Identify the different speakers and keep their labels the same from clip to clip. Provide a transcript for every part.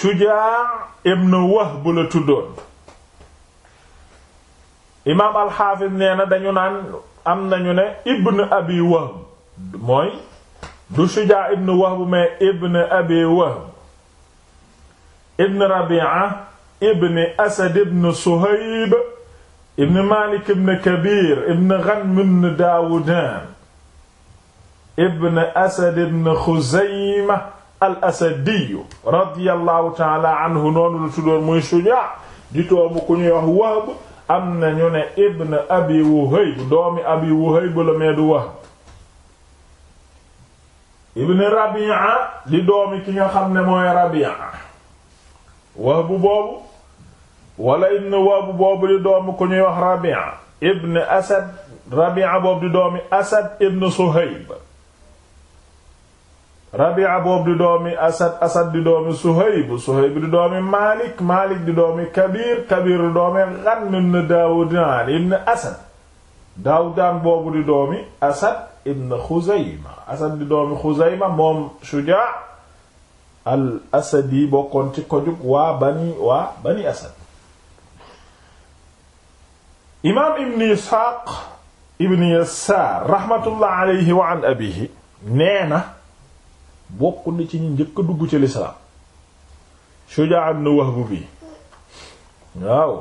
Speaker 1: Shujaa ibn Wahb la tuddoon imaam alxaafis nee na dañu naan am nañu ne ibn abi Wahb mooy du Shujaa ibn Wahb mais ibn abi Wahb ibn Rabi'a ibn Asad ibn Suhayb ibn Malik ibn Kabir ibn Ghanm ibn Daawudan ibn Asad ibn Xuzayma al asadiyu radiyallahu taala anhu noonu la tuddoon muy shujaa di toomu ku ñuy wax wahb am na ñu ne ibn abi wuhayb doomi abi wuhayb la mee du wahb ibn rabi'a di doomi ki nga xam ne mooy rabi'a wahb boobu wala ibn wahb boobu di doomi ku ñuy wax rabi'a ibn asad rabi'a boobu di doomi asad ibn suhayb Rabi'a boobu di doomi Asad Asad di doomi Suhayb Suhayb di doomi Malik Malik di doomi Kabir Kabir di doomi Ghanm ibn Daawudaan ibn Asad Daawudaan boobu di doomi Asad ibn Xuzayma Asad di doomi Xuzayma moom Shujaa al Asadi bokkoon ci kojug waa bani waa bani Asad imaam Ibn Isxaaq Ibn Yasaar raxmatullahi alayhi wa an abiihi nee na bokk na ci ñu njëkk dugg ci lislaam Shujaa ibn Wahb bi waaw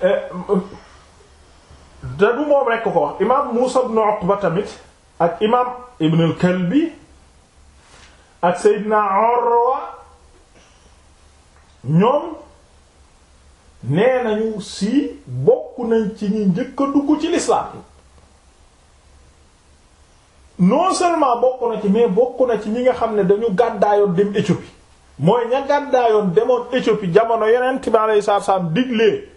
Speaker 1: e, da du moom rekk ko imaam Muusa ibn Uqba tamit ak imaam Ibn al-Kalbi ak Seydina Urwa ñoom nee nañu si bokk nañ ci ñi njëkk dugg ci lislaam non seulement bokk na ci mais bokk na ci ñi nga xam ne dañu gàddaayoon dem Éthiopie mooy ña gàddaayoon demoon Éthiopie jamono yonent bi alayhi salaatu salaam diglee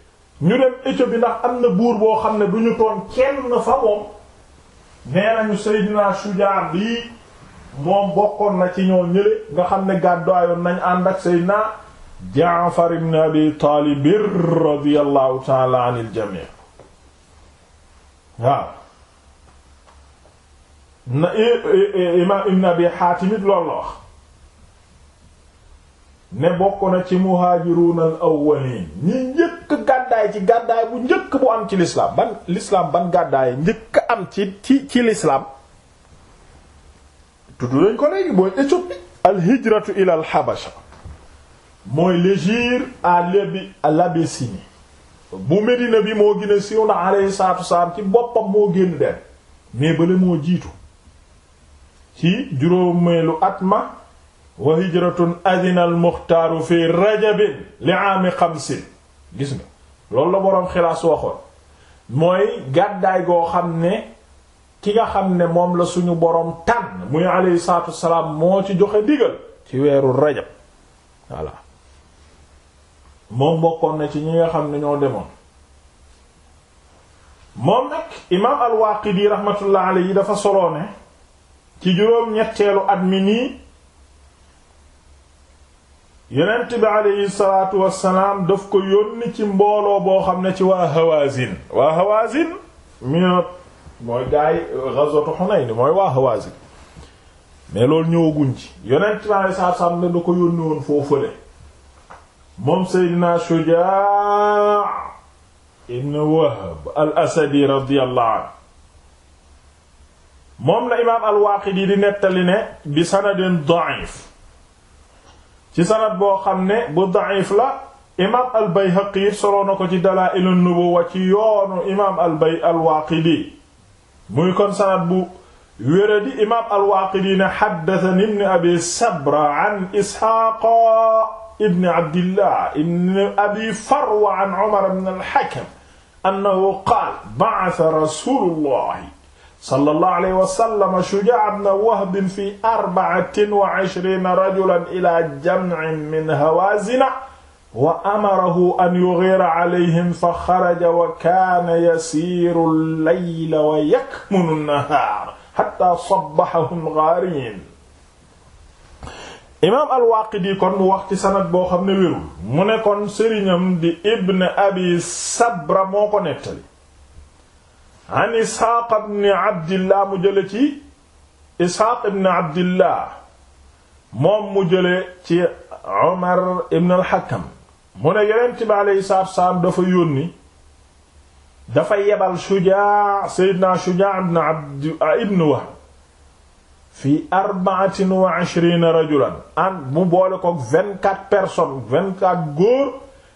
Speaker 1: ñu dem Éthiopie ndax am na buur boo xam ne duñu ñu toon kenn fa moom nee nañu Seydina Shujaa bi moom bokkoon na ci ñoo ñële nga xam ne gàddaayoon nañ ànd ak Seydina Jaafar ibn Abi Taalib radiyallahu ta'ala anil jami' waaw na imaam ibn abi xaatim it loolu ne bokk na ci muhaajiruun al awwaliin ñi njëkk gàddaay ci gàddaay bu njëkk bu am ci lislaam ban lislaam ban gàddaay njëkk am ci ci ci lislaam tudd lañ ko léegi booy Éthiopie al hijratu ila habasha mooy l'hégire à l'Abi bu Medina bi moo gën siw na alayhi salaatu ci boppam moo génn dem mais bale moo jiitu ci juróomeelu at ma wa hijratun adina al muxtaaru fi rajabin li aami xamsin gis nga loolu la boroom xilaas waxoon mooy gàddaay goo xam ne ki nga xam ne moom la suñu boroom tànn muy alayhi salaam moo ci joxe diggal ci weeru rajab voilà moom bokkoon na ci ñi nga xam ne ñoo demoon moom nag imaam al-Waaqidi rahmatullah alayhi dafa solo ci juróom ñetteelu at mi nii yonent bi aleyhi salaatu wassalaam daf ko yónni ci mbooloo boo xam ne ci waa Hawazin waa Hawazin mino mooy gaay ghazwatu Hunayn mooy waa Hawazin mais loolu ñëwaguñ ci yonent bi aleyhi salaatu wassalaam ne da ko yónni woon foofule moom Seydina Shujaa ibn Wahb al-Asadi radiyallahu moom la imaam al-Waaqidi di nettali ne bi sanadin da'if ci sanad boo xam ne bu da'if la imaam al-Bayhaqi soloo na ko ci Dalaa'il an-Nubuwwa ci yoonu imaam al-Bay al-Waaqidi muy kon sanad bu wére di imaam al-Waaqidi ne haddathani ibn Abi Sabra an Ishaaqa ibn Abdillah ibn Abi Farwa an Umar ibn al-Hakam annahu qaala ba'atha rasuulullahi sallallahu alayhi wa sallam Shujaa ibn Wahb fi arba'atin wa ishriina rajulan ilaa jam'in min Hawaazina wa amarahu an yughiira alayhim fa xaraja wa kaana yasiiru al-layla wa yakmunu an-nahaar hattaa sabbahahum ghaariin. imaam al-Waaqidi kon mu wax ci sanad boo xam ne wérul mu ne kon sëriñam di Ibn Abi Sabra moo ko nettali. an isxaaq ibni abdillah mu jële ci isxaaq ibni abdillah moom mu jële ci omar ibn alxakam mu ne yonent bi aleyhi salaatu wasalaam dafa yónni dafa yebal shujaa seydina shujaa ibn abd ibn wahb fi rajulan an mu boole ko vingt-quatre personnes góor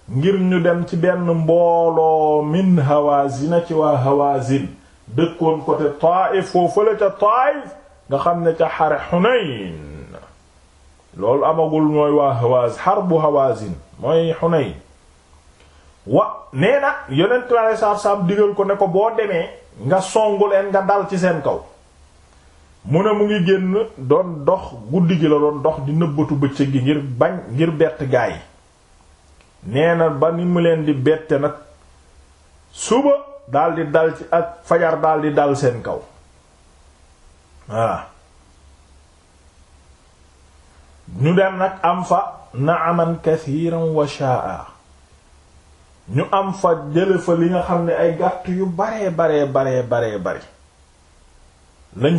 Speaker 1: ngir ñu dem ci benn mbooloo min hawazina ci waa hawazin dëkkoon côté Taif foofu la ca Taif nga xam ne ca xare Hunayn loolu amagul mooy waa hawaz harbu hawazin mooy Hunayn wa nee na yonent Yàlla saab digal ko ne ko boo demee nga songu leen nga dal ci seen kaw mu ne mu ngi génn doon dox guddi gi la doon dox di nëbbatu bëccëg gi ngir bañ ngir bett gaay nee na ba ni mu leen di bette nag suba daldi dal ci ak fajar daldi dal seen kaw voilà ñu dem nag am fa na'aman kathiran wa sha'a ñu am fa jële fa li nga xam ne ay gàtt yu bare baree baree baree bari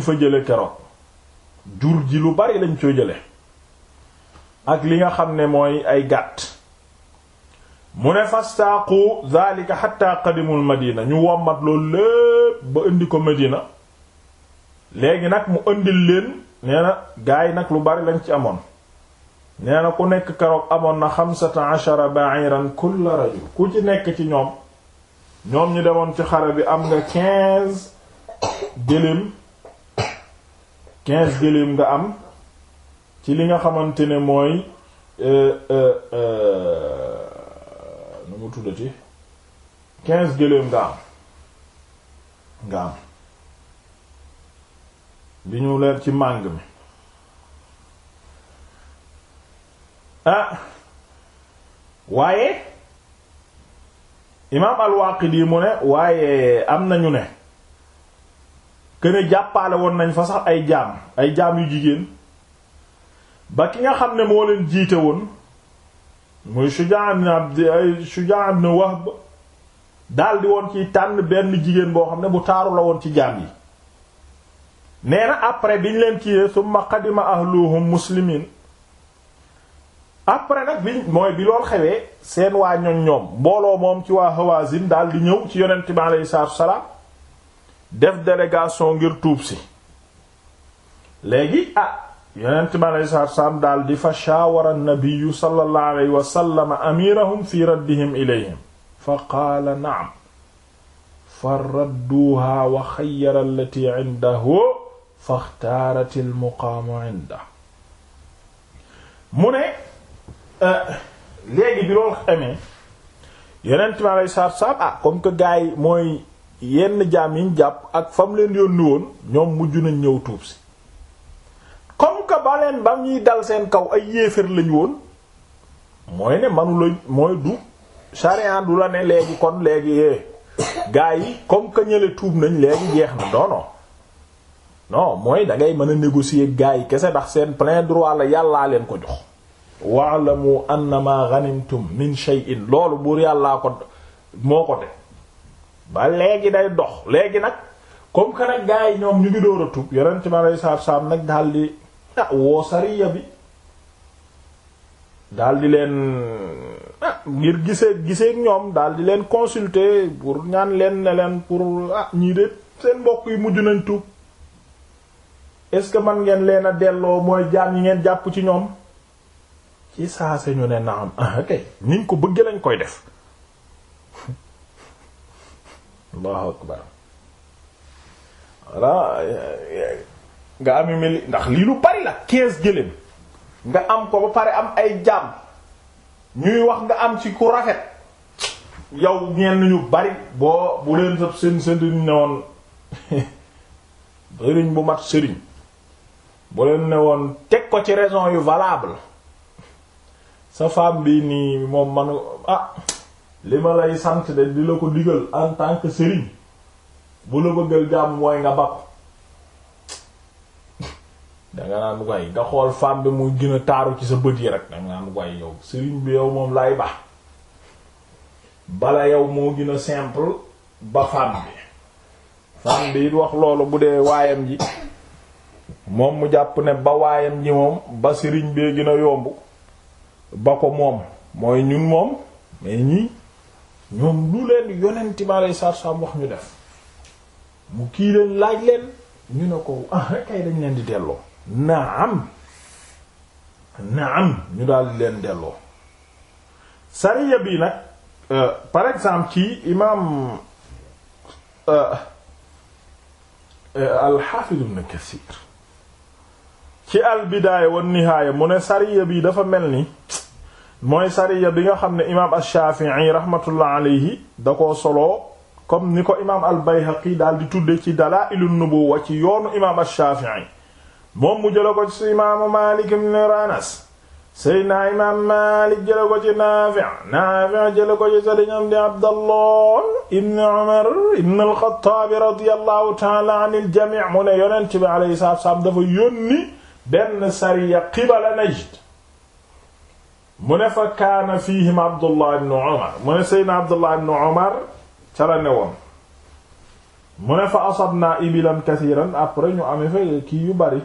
Speaker 1: fa jële keroog jur ji lu bari lañ fa jële ak li nga xam ne mooy ay gàtt mu ne fastaaqu zalika xatta qadimul madina ñu wommat loolu lépp ba indi ko madina léegi nag mu indi leen nee na gaa yi nag lu bari lañ ci amoon nee na ku nekk keroog amoon na xamsata ashara ba'iran kull rajul ku ci nekk ci ñoom ñoom ñu demoon ci xare bi am nga quinze gëléem quinze gëléem nga am ci li nga xamante ne mooy euh, euh, euh nu mu tuddati quinze gëléem nga am bi ñu leen ci màng mi ah waaye imaam al-Waaqidi mu ne waaye am nañu ne këne jàppale woon nañ fa sax ay jaam ay jaam yu jigéen ba ki nga xam ne moo leen jiite woon muy Shujaa ibn Abd Shujaa ibn Wahb daldi woon ci tànn benn jigéen boo xam ne bu taaru la woon ci jaam yi nee na après biñ leen kiiyee summa qadima ahluhum muslimin après nag biñ mooy bi xewee seen waa ñoñ ñoom mbooloo moom ci waa Hawazin daldi ñëw ci yonent bi aleyhi salaatu wa salaam def délégation ngir tuub si léegi ah yonent mi alayhi salaatu salaam daal di fa shaawara nabiyu sallallahu alayhi wa sallam amirahum fa qaala na'am fa radduuhaa wa xayyara allatii indahu faxtaarati almuqaamu indahu mu ne eh, léegi bi loolu ah, mooy yenn jaam yiñ jàpp ak fam leen yónni woon ñoom mujj nañ ñëw tuub si comme que ba leen ba dal seen kaw ay yéefar lañu woon mooy ne manu la mooy du charia du la ne léegi kon léegi eh gaa yi comme que ñële tuub nañ léegi jeex na non non mooy dangay mën a négocier gaa yi kese ndax seen plein droit la yàllaa leen ko jox. wa'lamu annama ghanimtum min shay'in loolu buur yàllaa ko moo ko def ba léegi day dox léegi nag comme que nag gaa yi ñoom ñu ngi door a tuub yeneen ma lay saabsaab nag daal di. ah woo sariya bi daal leen ah, ngir gisee gisee ñoom daal di leen consulter pour ñaan leen ne leen pour ah ñii de seen mbokk yi mujj nañ tuub est-ce que man ngeen leen a delloo mooy jaam yi ngeen jàpp ci ñoom ci saa se ñu ne naam ah niñ ko bëggee lañ koy def Allahu akbar voilà nga am mel ndax lii lu bari la quinze gëléem nga am ko ba pare am ay jaam ñuy wax nga am ci ku rafet yow ñenn ñu bari boo bu leen sa seen sëriñ ne woon sëriñ bu mat sëriñ bu leen ne woon teg ko ci raison yu valable sa femme bi nii moom manu ah li ma lay sant de di la ko digal en tant que sëriñ bu la bëggal jaam mooy nga bakk danga naan way nga xool femme bi muy gën taaru ci sa bët yi rek danga naan waay yow sëriñ bi yow moom laay baax bala yow moo gën a simple ba femme bi femme bi it wax loolu bu dee waayam ji moom mu jàpp ne ba waayam ji moom ba sëriñ bee gën a yomb ba ko moom mooy ñun moom mais ñii ñoom lu leen yonenti ma lay sar sam wax ñu def mu kii leen laaj leen ñu ne ko ah kay dañ leen di delloo naam naam ñu daal leen delloo sariya bi nag euh, par exemple ci imaam euh, euh, al-Hafiz Ibn Kathir ci al-Bidaaya wa Nihaaya mu ne sariya bi dafa mel ni mooy sariya bi nga xam ne imaam al-Shafi'i rahmatullah alayhi da koo soloo comme ni ko imaam al-Bayhaqi daal di tudde ci Dalaa'ilun Nubuwwa ci yoonu imaam al-Shafi'i moom mu jëla ko ci imaamu Maalik ibn Anas Seydina imaam Maalik jëla ko ci Naafi' Naafi' jëla ko ci sëriñam di Abdallah ibn Umar ibn al-Khattaab radiyallahu ta'ala anil jamii' mu ne yonent bi alayhi salaatu wa salaam dafa yónni benn sariya qibala Najd mu ne fa kaana fiihim Abdullah ibn Umar mu ne Seydina Abdullah ibn Umar ca la ne woon mu ne fa asabnaa ibilan kasiiran après ñu amee fa kii yu bari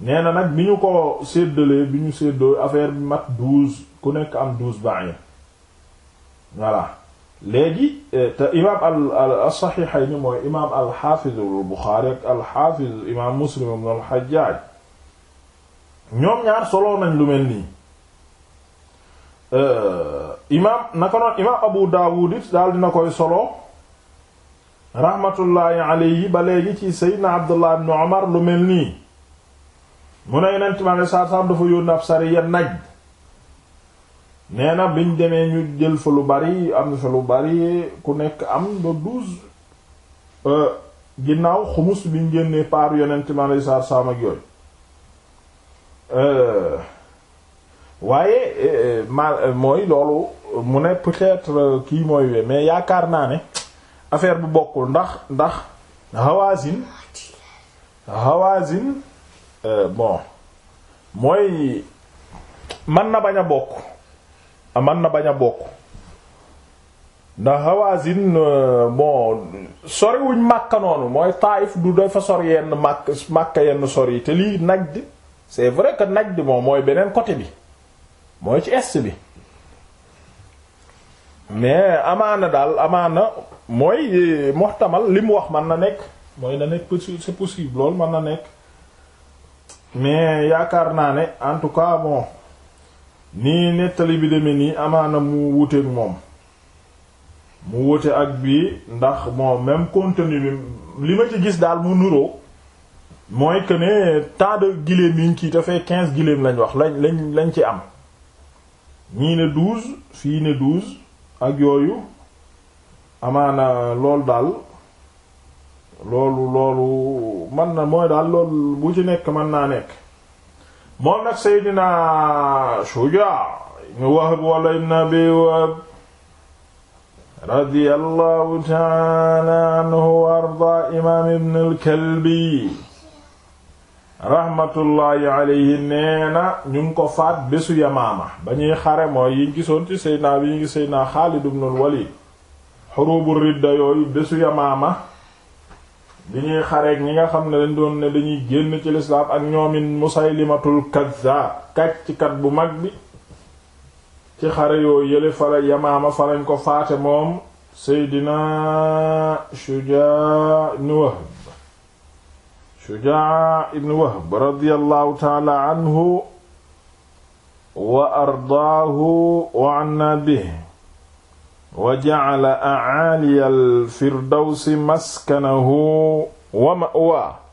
Speaker 1: nee nag bi ñu ko séddalee bi ñu séddoo affaire bi mat douze ku nekk am douze bañ voilà léegi eh, te imaam al al saxiixayni mooy imaam al xaafiz al buxaari ak al xaafiz imaam muslim ñoom solo nañ lu mel nii eh, imaam naka noon imaam abu daawud it daal dina koy solo raxmatullaahi alayhi ba léegi ci seydina abdullah ibn umar lu mel nii mu ne yonent ma ne saar-saam dafa yónni ab sariya Najd nee na biñ demee ñu jël fa lu bari am na fa lu bari ku nekk am do douze euh, ginnaaw xumus biñ génnee paar yonent ma ne saar-saam ak yooyu euh, waaye euh, ma mooy loolu mu ne peut-être kii mooy we mais yaakaar naa ne affaire bu bokkul ndax ndax Hawazin Hawazin Euh, bon mooy man na bañ a bokk ah, man na bañ a bokk ndax Hawazin euh, bon soriwuñ Makka noonu mooy Taïf du dafa sor yenn Makka Makka yenn sor yi te lii Najd c'est vrai que Najd moom mooy beneen côté bi mooy ci est bi mais amaana daal amaana mooy eh, muhtamal li mu wax man na nekk mooy na nekk c'est possible loolu man na nekk mais yaakaar naa ne en tout cas bon nii nettali bi demee nii amaana mu wuteeg moom mu wute ak bii ndax bon même contenu bi li ma ci gis daal mu nuroo mooy que ne tas de giléem yiñ kii dafay quinze giléem lañ wax lañ lañ lañ ci am ñii ne douze fii ne douze ak yooyu amaana loolu daal loolu loolu man na mooy daal loolu bu ci nekk mën naa nekk moom nag Seydina Shujaa ibn Wahb wala ibn Abi Wahb radiyallahu ta'ala anhu wa arda imaam ibn al-Kalbi rahmatullahi alayhi ñu ngi ko faat bésu Yamaama ba ñuy xare mooy yi gisoon ci Seydina bi yi ngi Seydina Xaalid ibn al-Walid ridda yooyu bésu Yamaama di ñuy xareek ñi nga xam ne dañ doon ne dañuy génn ci lislaam ak ñoomin musaylimatul kaza kàcckat bu mag bi ci xare yoo yële fala yamaama falañ ko faate moom seydina shujaa ibn wahb shujaa ibn wahb radiyallahu taala wa ardaahu wa anna bihi wa ja'ala a'aaliya al-firdawsi maskanahu wa ma'waa